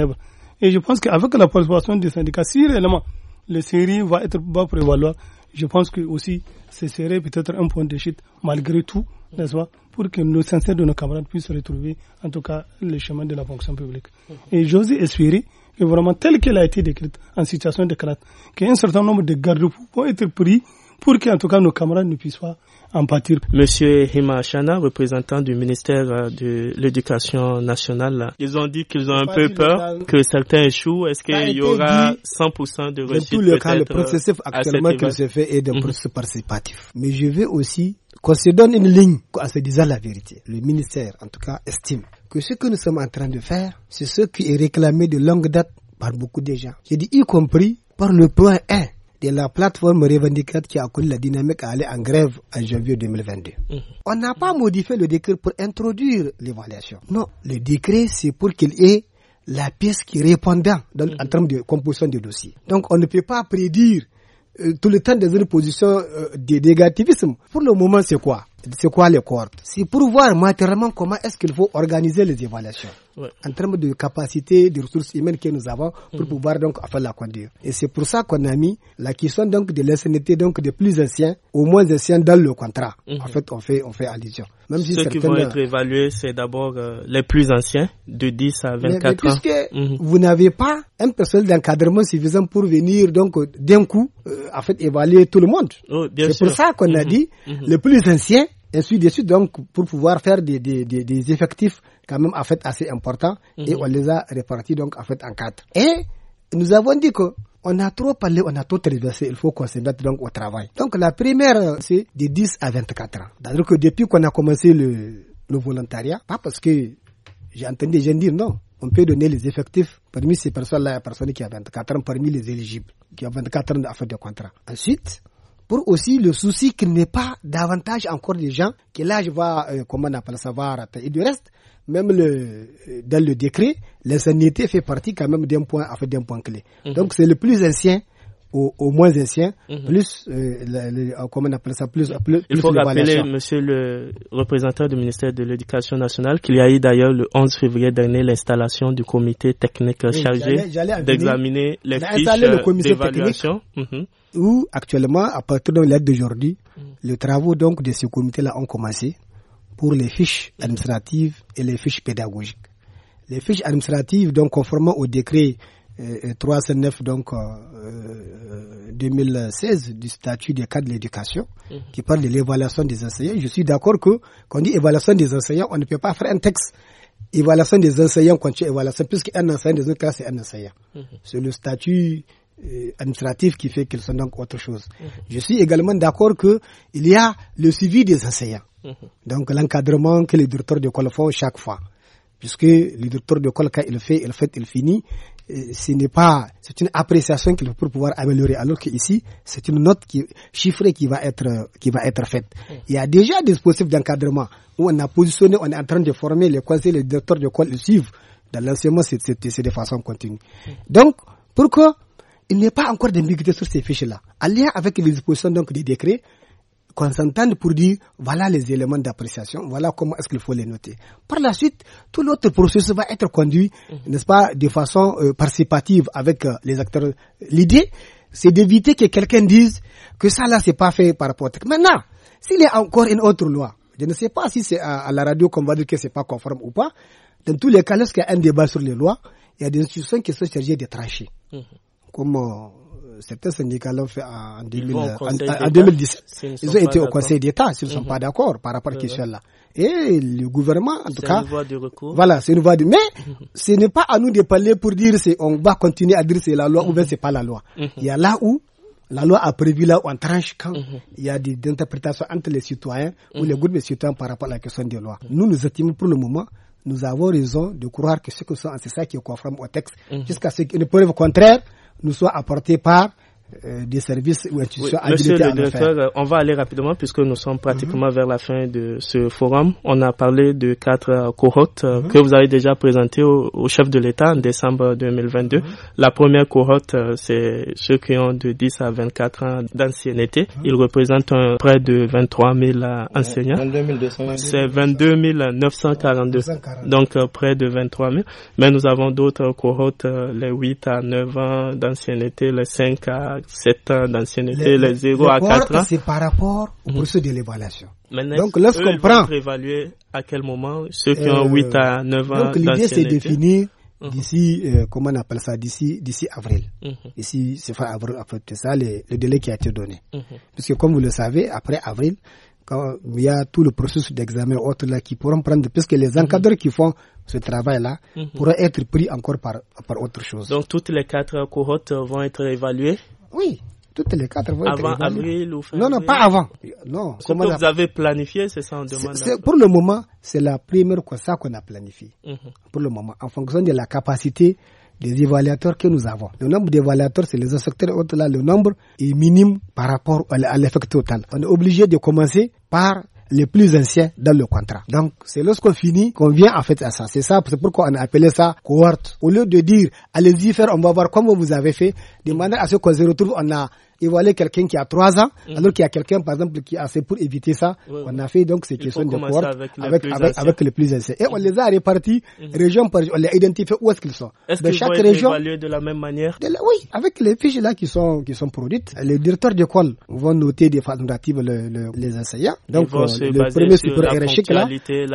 Et je pense qu'avec la participation des syndicats, si réellement le série va être bas pour je pense que aussi ce serait peut-être un point de chute malgré tout, n'est-ce pas, pour que nos sincères de nos camarades puissent retrouver en tout cas le chemin de la fonction publique. Et j'ose espérer que vraiment telle qu'elle a été décrite en situation de crainte, qu'un certain nombre de garde-fous vont être pris pour qu'en tout cas nos camarades ne puissent pas en pâtir. Monsieur Himachana, représentant du ministère euh, de l'Éducation nationale, ils ont dit qu'ils ont un peu peur que certains échouent. Est-ce qu'il y aura 100% de réussite Dans tout le cas, le euh, processus actuellement qui se fait est de mhm. processus participatif. Mais je veux aussi qu'on se donne une ligne en se disant la vérité. Le ministère, en tout cas, estime que ce que nous sommes en train de faire, c'est ce qui est réclamé de longue date par beaucoup de gens. J'ai dit y compris par le point 1 de la plateforme revendicative qui a connu la dynamique à aller en grève en janvier 2022. Hum. On n'a pas modifié le décret pour introduire l'évaluation. Non, le décret, c'est pour qu'il ait la pièce qui répondant dans, en hum. termes de composition du dossier. Donc, on ne peut pas prédire euh, tout le temps dans une position euh, de négativisme. Pour le moment, c'est quoi c'est quoi les cohortes C'est pour voir matériellement comment est-ce qu'il faut organiser les évaluations. en termes de capacité de ressources humaines que nous avons pour mm. pouvoir donc faire la conduire. Et c'est pour ça qu'on a mis la question donc de l'ancienneté donc des plus anciens, au moins anciens dans le contrat. Mm-hmm. En fait, on fait on fait allusion. Même Ceux qui vont être évalués, c'est d'abord euh, les plus anciens de 10 à 24 ans. mais puisque mm-hmm. vous n'avez pas un personnel d'encadrement suffisant pour venir donc euh, d'un coup euh, en fait évaluer tout le monde. Oh, c'est pour ça qu'on a mm-hmm. dit les plus anciens Ensuite, donc, pour pouvoir faire des, des, des, effectifs quand même, en fait, assez importants. Mhm. Et on les a répartis, donc, en fait, en quatre. Et nous avons dit que on a trop parlé, on a trop traversé, il faut qu'on se mette donc au travail. Donc la première, c'est de 10 à 24 ans. d'ailleurs que depuis qu'on a commencé le, volontariat, pas parce que j'ai entendu des gens dire non, on peut donner les effectifs parmi ces personnes-là, la personne qui a 24 ans, parmi les éligibles, qui ont 24 ans de de contrat. Ensuite, pour aussi le souci qu'il n'est pas davantage encore des gens que l'âge va, euh, comment on appelle ça, va Et du reste, même le, euh, dans le décret, l'insanité fait partie quand même d'un point, fait d'un point clé. Mhm. Donc c'est le plus ancien au, moins ancien, mhm. plus, euh, comment on appelle ça, plus, plus Il faut rappeler, monsieur le représentant du ministère de l'Éducation nationale, qu'il y a eu d'ailleurs le 11 février dernier l'installation du comité technique chargé d'examiner les fiches d'évaluation où actuellement, à partir de l'aide d'aujourd'hui, mm. les travaux donc de ce comité-là ont commencé pour les fiches administratives et les fiches pédagogiques. Les fiches administratives, donc conformément au décret 309 euh, 2016 euh, euh, du statut des cadres de l'éducation, mm-hmm. qui parle de l'évaluation des enseignants. Je suis d'accord que quand on dit évaluation des enseignants, on ne peut pas faire un texte évaluation des enseignants quand tu évaluation, puisqu'un enseignant des autres classes, c'est un enseignant. Mm-hmm. C'est le statut euh, administratif qui fait qu'ils sont donc autre chose. Je suis également d'accord qu'il y a le suivi des enseignants. Mhm. Donc l'encadrement que les directeurs d'école font chaque fois. Puisque le directeur d'école, quand il fait, il fait, il finit, euh, ce n'est pas, c'est une appréciation qu'il faut pouvoir améliorer. Alors qu'ici, c'est une note qui, chiffrée qui va être, qui va être faite. Mhm. Il y a déjà des dispositifs d'encadrement où on a positionné, on est en train de former les conseils, les directeurs d'école le suivent. Dans l'enseignement, c'est de façon continue. Mhm. Donc, pourquoi il n'y a pas encore d'ambiguïté sur ces fiches-là. En lien avec les dispositions donc des décrets, qu'on s'entende pour dire voilà les éléments d'appréciation, voilà comment est-ce qu'il faut les noter. Par la suite, tout l'autre processus va être conduit, mhm. n'est-ce pas, de façon euh, participative avec euh, les acteurs. L'idée, c'est d'éviter que quelqu'un dise que ça là c'est pas fait par rapport. Maintenant, s'il y a encore une autre loi, je ne sais pas si c'est à, la radio qu'on va dire que c'est pas conforme ou pas. Dans tous les cas, lorsqu'il y a un débat sur les lois, il y a des institutions qui sont chargées de trancher. Mhm comme euh, certains syndicats l'ont fait en, Ils ont été au Conseil d'État s'ils ne sont mhm. pas d'accord par rapport à la mhm. question-là. Et le gouvernement, en tout cas, C'est une voie de recours. voilà, c'est une voie de. Mais mhm. ce n'est pas à nous de parler pour dire on va continuer à dire c'est la loi ou bien n'est pas la loi. Il y a là où la loi a prévu là où on tranche quand il y a des interprétations entre les citoyens ou les groupes de citoyens par rapport à la question des lois. Nous, nous estimons pour le moment, nous avons raison de croire que ce que sont, c'est ça qui est conforme au texte, jusqu'à ce qu'une preuve contraire nous soit apporté par euh, des services Monsieur le directeur, euh, on va aller rapidement puisque nous sommes pratiquement vers la fin de ce forum. On a parlé de quatre euh, cohortes mhm. que vous avez déjà présentées au, chef de l'État en décembre 2022. Mhm. La première cohorte, c'est ceux qui ont de 10 à 24 ans d'ancienneté. Mhm. Ils représentent un, près de 23 000 enseignants. C'est 22 942. Donc près de 23 000. Mais nous avons d'autres cohortes, les 8 à 9 ans d'ancienneté, les 5 à 7 ans d'ancienneté, les, 0 à 4 ans. C'est par rapport au mhm. processus de l'évaluation. Donc, lorsqu'on prend. Vont prévaluer à quel moment ceux qui ont 8 euh, à 9 ans. Donc, l'idée, c'est de finir mhm. d'ici, euh, comment on appelle ça, d'ici, d'ici avril. Mhm. c'est fin ça le, délai qui a été donné. Puisque comme vous le savez, après avril, quand il y a tout le processus d'examen autres là qui pourront prendre, puisque les encadreurs qui font ce travail-là pourront être pris encore par, par autre chose. Donc toutes les quatre cohortes vont être évaluées oui, toutes les quatre avant avril ou fin Non, non, pas avant. Non. vous avez planifié, c'est ça demande. pour le moment, c'est la première fois ça qu'on a planifié. Mhm. Pour le moment, en fonction de la capacité des évaluateurs que nous avons. Le nombre d'évaluateurs, c'est les inspecteurs autres là, le nombre est minime par rapport à l'effet total. On est obligé de commencer par les plus anciens dans le contrat. Donc, c'est lorsqu'on finit qu'on vient en fait à ça. C'est ça, c'est pourquoi on a appelé ça cohorte. Au lieu de dire, allez-y faire, on va voir comment vous avez fait, de manière à ce qu'on se retrouve, on a évaluer quelqu'un qui a trois ans, mm. alors qu'il y a quelqu'un, par exemple, qui a assez pour éviter ça. on a fait donc ces questions de porte avec, avec, avec, les plus anciens. Et on les a répartis mm. région par région. On les a identifiés où est-ce qu'ils sont. Est-ce qu'ils chaque vont région, de la même manière Oui, avec les fiches là qui sont, qui sont produites, les directeurs d'école vont noter des façons négatifs le, les enseignants. Donc, euh, le premier super hiérarchique là.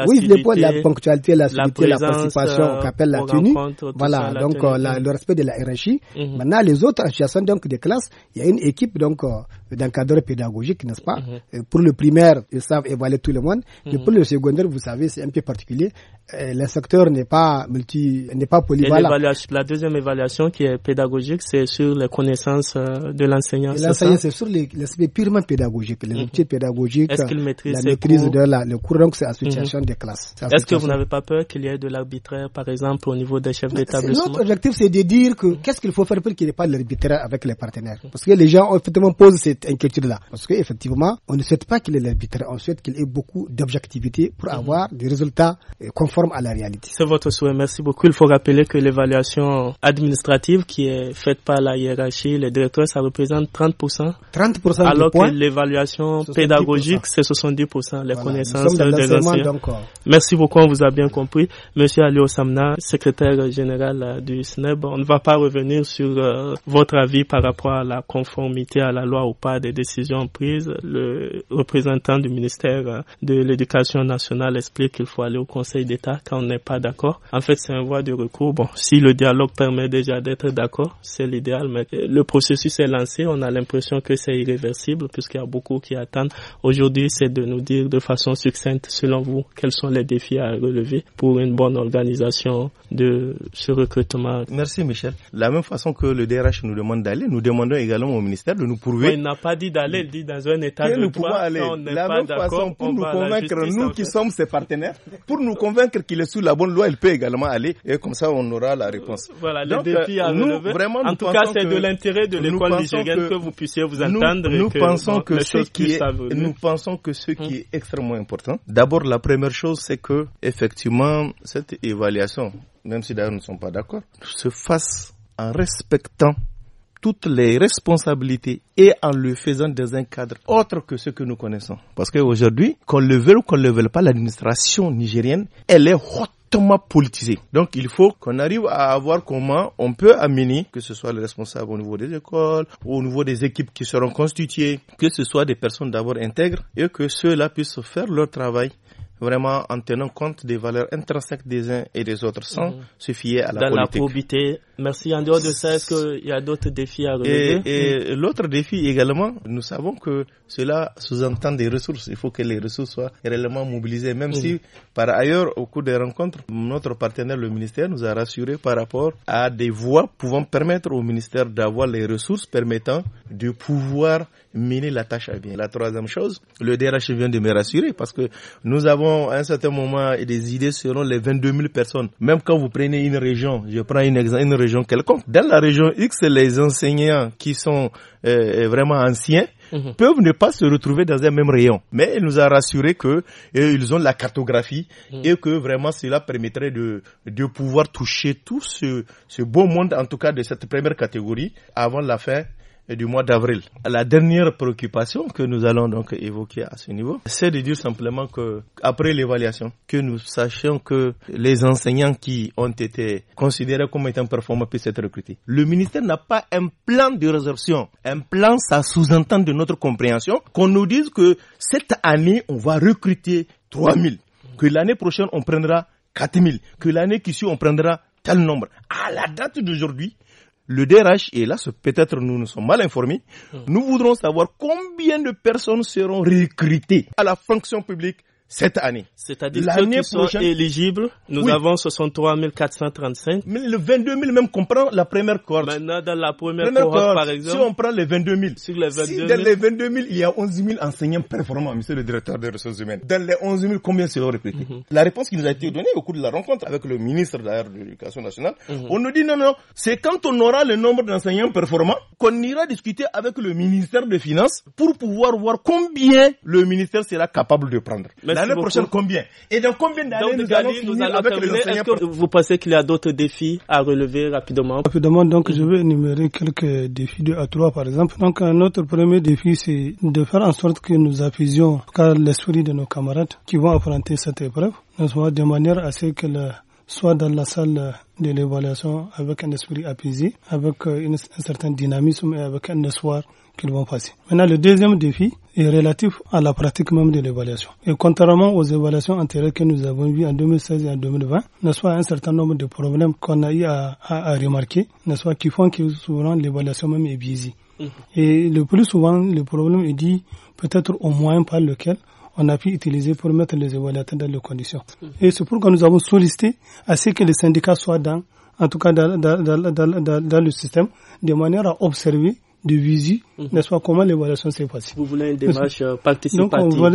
Oui, les points de la ponctualité, la solidité, la, participation, euh, appelle euh, la tenue. Voilà, donc le respect de la hiérarchie. Mm-hmm. Maintenant, les autres associations donc des classes, il y a une équipe donc euh, d'un cadre pédagogique, n'est-ce pas mhm. euh, Pour le primaire, ils savent évaluer tout le monde, mais mhm. pour le secondaire, vous savez, c'est un peu particulier. Euh, le secteur n'est pas multi, n'est pas polyvalent. La deuxième évaluation qui est pédagogique, c'est sur les connaissances de l'enseignant. L'enseignant, c'est sur l'aspect purement pédagogique, les mhm. outils pédagogiques, la maîtrise de la, le cours, donc c'est association des classes. Est-ce que vous n'avez pas peur qu'il y ait de l'arbitraire, par exemple, au niveau des chefs d'établissement Notre objectif, c'est de dire que qu'est-ce qu'il faut faire pour qu'il n'y ait pas de l'arbitraire avec les partenaires, parce que les gens on pose effectivement cette inquiétude-là. Parce qu'effectivement, on ne souhaite pas qu'il est l'arbitre on souhaite qu'il ait beaucoup d'objectivité pour mm. avoir des résultats euh, conformes à la réalité. C'est votre souhait, merci beaucoup. Il faut rappeler que l'évaluation administrative qui est faite par la hiérarchie, les directeurs, ça représente 30%. 30% Alors que l'évaluation pédagogique, c'est 70%, les connaissances des anciens. Merci beaucoup, on vous a bien compris. Monsieur Ali Samna, secrétaire général euh, du SNEB, on ne va pas revenir sur euh, votre avis par rapport à la conformité conformité à la loi ou pas des décisions prises, le représentant du ministère de l'Éducation nationale explique qu'il faut aller au Conseil d'État quand on n'est pas d'accord. En fait, c'est un voie de recours. Bon, si le dialogue permet déjà d'être d'accord, c'est l'idéal, mais le processus est lancé. On a l'impression que c'est irréversible puisqu'il y a beaucoup qui attendent. Aujourd'hui, c'est de nous dire de façon succincte, selon vous, quels sont les défis à relever pour une bonne organisation de ce recrutement. Merci, Michel. La même façon que le DRH nous demande d'aller, nous demandons également au ministère de nous prouver. il n'a pas dit d'aller, il dit dans un état de nous droit. Aller. On la pas même façon, pour nous convaincre, nous qui sommes ses partenaires, pour nous convaincre qu'il est sous la bonne loi, il peut également aller et comme ça on aura la réponse. Euh, voilà, le défi à euh, nous, Vraiment, en tout cas, c'est de l'intérêt de l'école du que, que, vous puissiez vous entendre. Nous, pensons que ce qui est, nous pensons que ce qui est extrêmement important. D'abord, la première chose, c'est que effectivement cette évaluation, même si d'ailleurs nous ne sommes pas d'accord, se fasse en respectant toutes les responsabilités et en le faisant dans un cadre autre que ce que nous connaissons. Parce qu'aujourd'hui, qu'on le veuille ou qu'on ne le veuille pas, l'administration nigérienne, elle est hautement politisée. Donc il faut qu'on arrive à avoir comment on peut amener, que ce soit les responsables au niveau des écoles, au niveau des équipes qui seront constituées, que ce soit des personnes d'abord intègres et que ceux-là puissent faire leur travail vraiment en tenant compte des valeurs intrinsèques des uns et des autres sans mmh. se fier à la Dans politique. Merci. En dehors de ça, est-ce qu'il y a d'autres défis à relever Et, l'autre défi également, nous savons que cela sous-entend des ressources. Il faut que les ressources soient réellement mobilisées, même si par ailleurs, au cours des rencontres, notre partenaire, le ministère, nous a rassuré par rapport à des voies pouvant permettre au ministère d'avoir les ressources permettant de pouvoir mener la tâche à bien. La troisième chose, le DRH vient de me rassurer parce que nous avons à un certain moment des idées selon les 22 000 personnes. Même quand vous prenez une région, je prends une, une région dans la région X, les enseignants qui sont euh, euh, vraiment anciens mhm. peuvent ne pas se retrouver dans un même rayon. Mais il nous a rassuré que euh, ils ont la cartographie mhm. et que vraiment cela permettrait de, pouvoir toucher tout ce, ce beau monde, en tout cas de cette première catégorie, avant la fin du mois d'avril. La dernière préoccupation que nous allons donc évoquer à ce niveau, c'est de dire simplement que après l'évaluation, que nous sachions que les enseignants qui ont été considérés comme étant performants puissent être recrutés. Le ministère n'a pas un plan de résorption. Un plan, ça sous-entend de notre compréhension qu'on nous dise que cette année, on va recruter 3000, que l'année prochaine, on prendra 4000, que l'année qui suit, on prendra tel nombre. À la date d'aujourd'hui, le DRH, et là peut-être nous nous sommes mal informés, hmm. nous voudrons savoir combien de personnes seront recrutées à la fonction publique cette année. C'est-à-dire ceux qui sont prochaine, éligibles, nous avons 63 435. Mais le 22 000 même qu'on prend la première corde. Maintenant, dans la première, cohorte, par exemple. Si on prend les 22 000. si dans les 22 000, il y a 11 000 enseignants performants, monsieur le directeur des ressources humaines. Dans les 11 000, combien seront recrutés? Mhm. La réponse qui nous a été donnée au cours de la rencontre avec le ministre de l'Éducation nationale, mhm. on nous dit non, non, c'est quand on aura le nombre d'enseignants performants qu'on ira discuter avec le ministère des Finances pour pouvoir voir combien le ministère sera capable de prendre. L'année prochaine, combien Et dans combien d'années nous, allons finir nous que Vous pensez qu'il y a d'autres défis à relever rapidement Rapidement, donc, je vais énumérer quelques défis de à 3 par exemple. Donc, notre premier défi, c'est de faire en sorte que nous appuyions l'esprit de nos camarades qui vont affronter cette épreuve, de manière à ce que le soit dans la salle de l'évaluation avec un esprit apaisé, avec euh, un certain dynamisme et avec un espoir qu'ils vont passer. Maintenant, le deuxième défi, et relatif à la pratique même de l'évaluation. Et contrairement aux évaluations antérieures que nous avons vues en 2016 et en 2020, ne soit un certain nombre de problèmes qu'on a eu à, à, remarquer, ne soit qui font que souvent l'évaluation même est biaisée. Mhm. Et le plus souvent, le problème est dit peut-être au moyen par lequel on a pu utiliser pour mettre les évaluateurs dans les conditions. Mhm. Et c'est pourquoi nous avons sollicité à ce que les syndicats soient dans, en tout cas dans, dans, dans, dans le système, de manière à observer de visite, mhm. n'est-ce pas, comment l'évaluation s'est passée. Vous voulez une démarche euh, participative.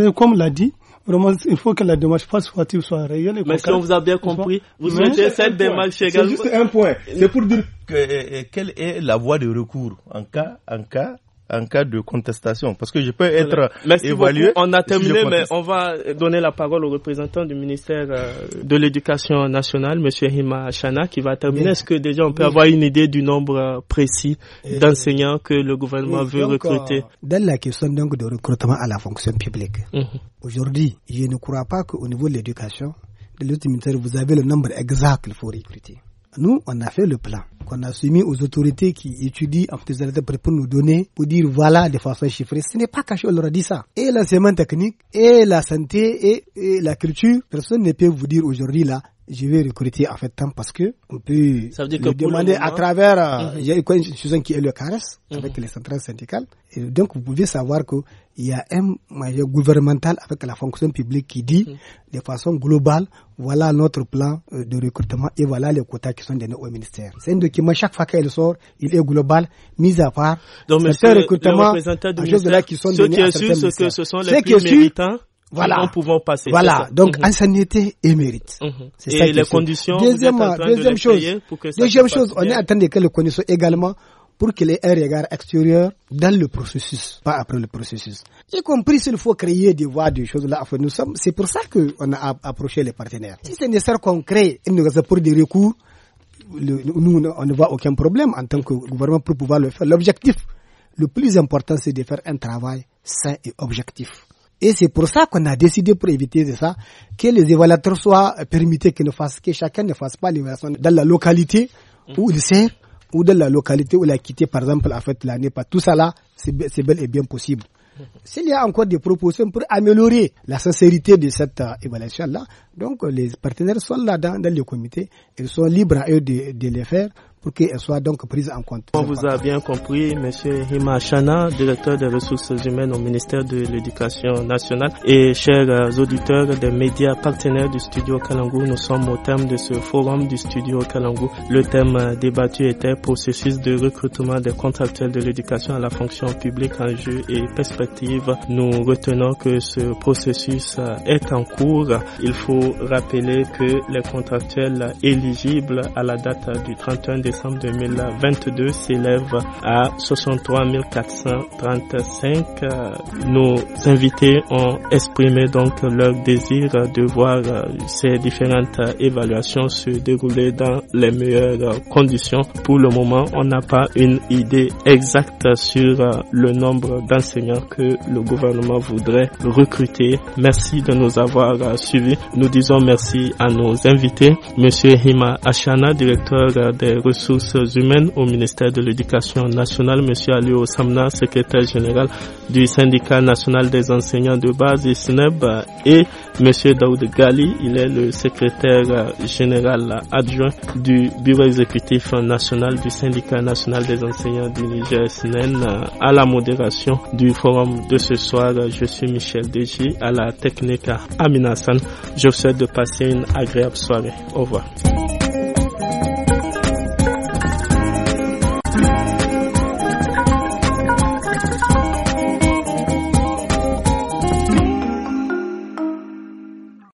Donc, comme l'a dit, vraiment, il faut que la démarche participative soit réelle. Mais si on vous a bien compris, vous souhaitez cette démarche également. C'est juste un point. C'est pour dire que, quelle est la voie de recours en cas, en cas en cas de contestation Parce que je peux être évalué. On a terminé, mais on va donner la parole au représentant du ministère euh, de l'Éducation nationale, Monsieur Hima Chana, qui va terminer. Est-ce que déjà on peut avoir une idée du nombre euh, précis euh, d'enseignants que le gouvernement veut recruter Dans la question donc de recrutement à la fonction publique, mhm. aujourd'hui, je ne crois pas qu'au niveau de l'éducation, de l'autre ministère, vous avez le nombre exact qu'il faut recruter. Nous, on a fait le plan qu'on a soumis aux autorités qui étudient en faisant pour nous donner, pour dire voilà de façon chiffrée. Ce n'est pas caché, on leur a dit ça. Et l'enseignement technique, et la santé, et la culture, personne ne peut vous dire aujourd'hui là je vais recruter en fait tant parce que on peut demander à travers J'ai euh, mhm. une institution qui est le caresse, mhm. avec les centrales syndicales et donc vous pouvez savoir que il y a un majeur gouvernemental avec la fonction publique qui dit mhm. de façon globale voilà notre plan euh, de recrutement et voilà les quotas qui sont donnés au ministère. C'est un document chaque fois qu'il sort, il est global, mis à part. Donc ministère, de qui sont ce ce que ce sont les plus méritants voilà. Donc, mhm. insanité et mérite. Mhm. C'est ça. Et les conditions. Deuxième, chose. deuxième chose, on est en train de les conditions également pour qu'il ait un regard extérieur dans le processus, pas après le processus. Y compris s'il faut créer des voies, des choses là, nous sommes, c'est pour ça qu'on a approché les partenaires. Si c'est nécessaire qu'on crée une pour des recours, nous, on ne voit aucun problème en tant que gouvernement pour pouvoir le faire. L'objectif, le plus important, c'est de faire un travail sain et objectif. Et c'est pour ça qu'on a décidé, pour éviter de ça, que les évaluateurs soient euh, permis ne que chacun ne fasse pas l'évaluation dans la localité où il sert ou dans la localité où il a quitté, par exemple, en fait, l'année. Pas tout ça là, c'est bel et bien possible. S'il y a encore des propositions pour améliorer la sincérité de cette euh, évaluation-là, donc les partenaires sont là dans, dans le comité, ils sont libres à eux de, de les faire pour qu'elles soit donc prise en compte. On vous a bien compris, Monsieur Himachana, directeur des ressources humaines au ministère de l'Éducation nationale. Et chers euh, auditeurs des médias partenaires du studio Kalangou, nous sommes au terme de ce forum du studio Kalangou. Le thème euh, débattu était processus de recrutement des contractuels de l'éducation à la fonction publique, en jeu et perspective. Nous retenons que ce processus euh, est en cours. Il faut rappeler que les contractuels éligibles à la date du 31 décembre 2022 s'élève à 63 435. Nos invités ont exprimé donc leur désir de voir euh, ces différentes évaluations se dérouler dans les meilleures conditions. Pour le moment, on n'a pas une idée exacte sur euh, le nombre d'enseignants que le gouvernement voudrait recruter. Merci de nous avoir euh, suivis. Nous disons merci à nos invités, Monsieur Hima Achana, directeur des ressources sources humaines au ministère de l'Éducation nationale, M. Ali Osamna, secrétaire général du syndicat national des enseignants de base et SNEB, et M. Daoud Gali, il est le secrétaire général adjoint du bureau exécutif national du syndicat national des enseignants du Niger SNEN, e à la modération du forum de ce soir. Je suis Michel Deji, à la technique Aminasan. Je vous souhaite de passer une agréable soirée. Au revoir.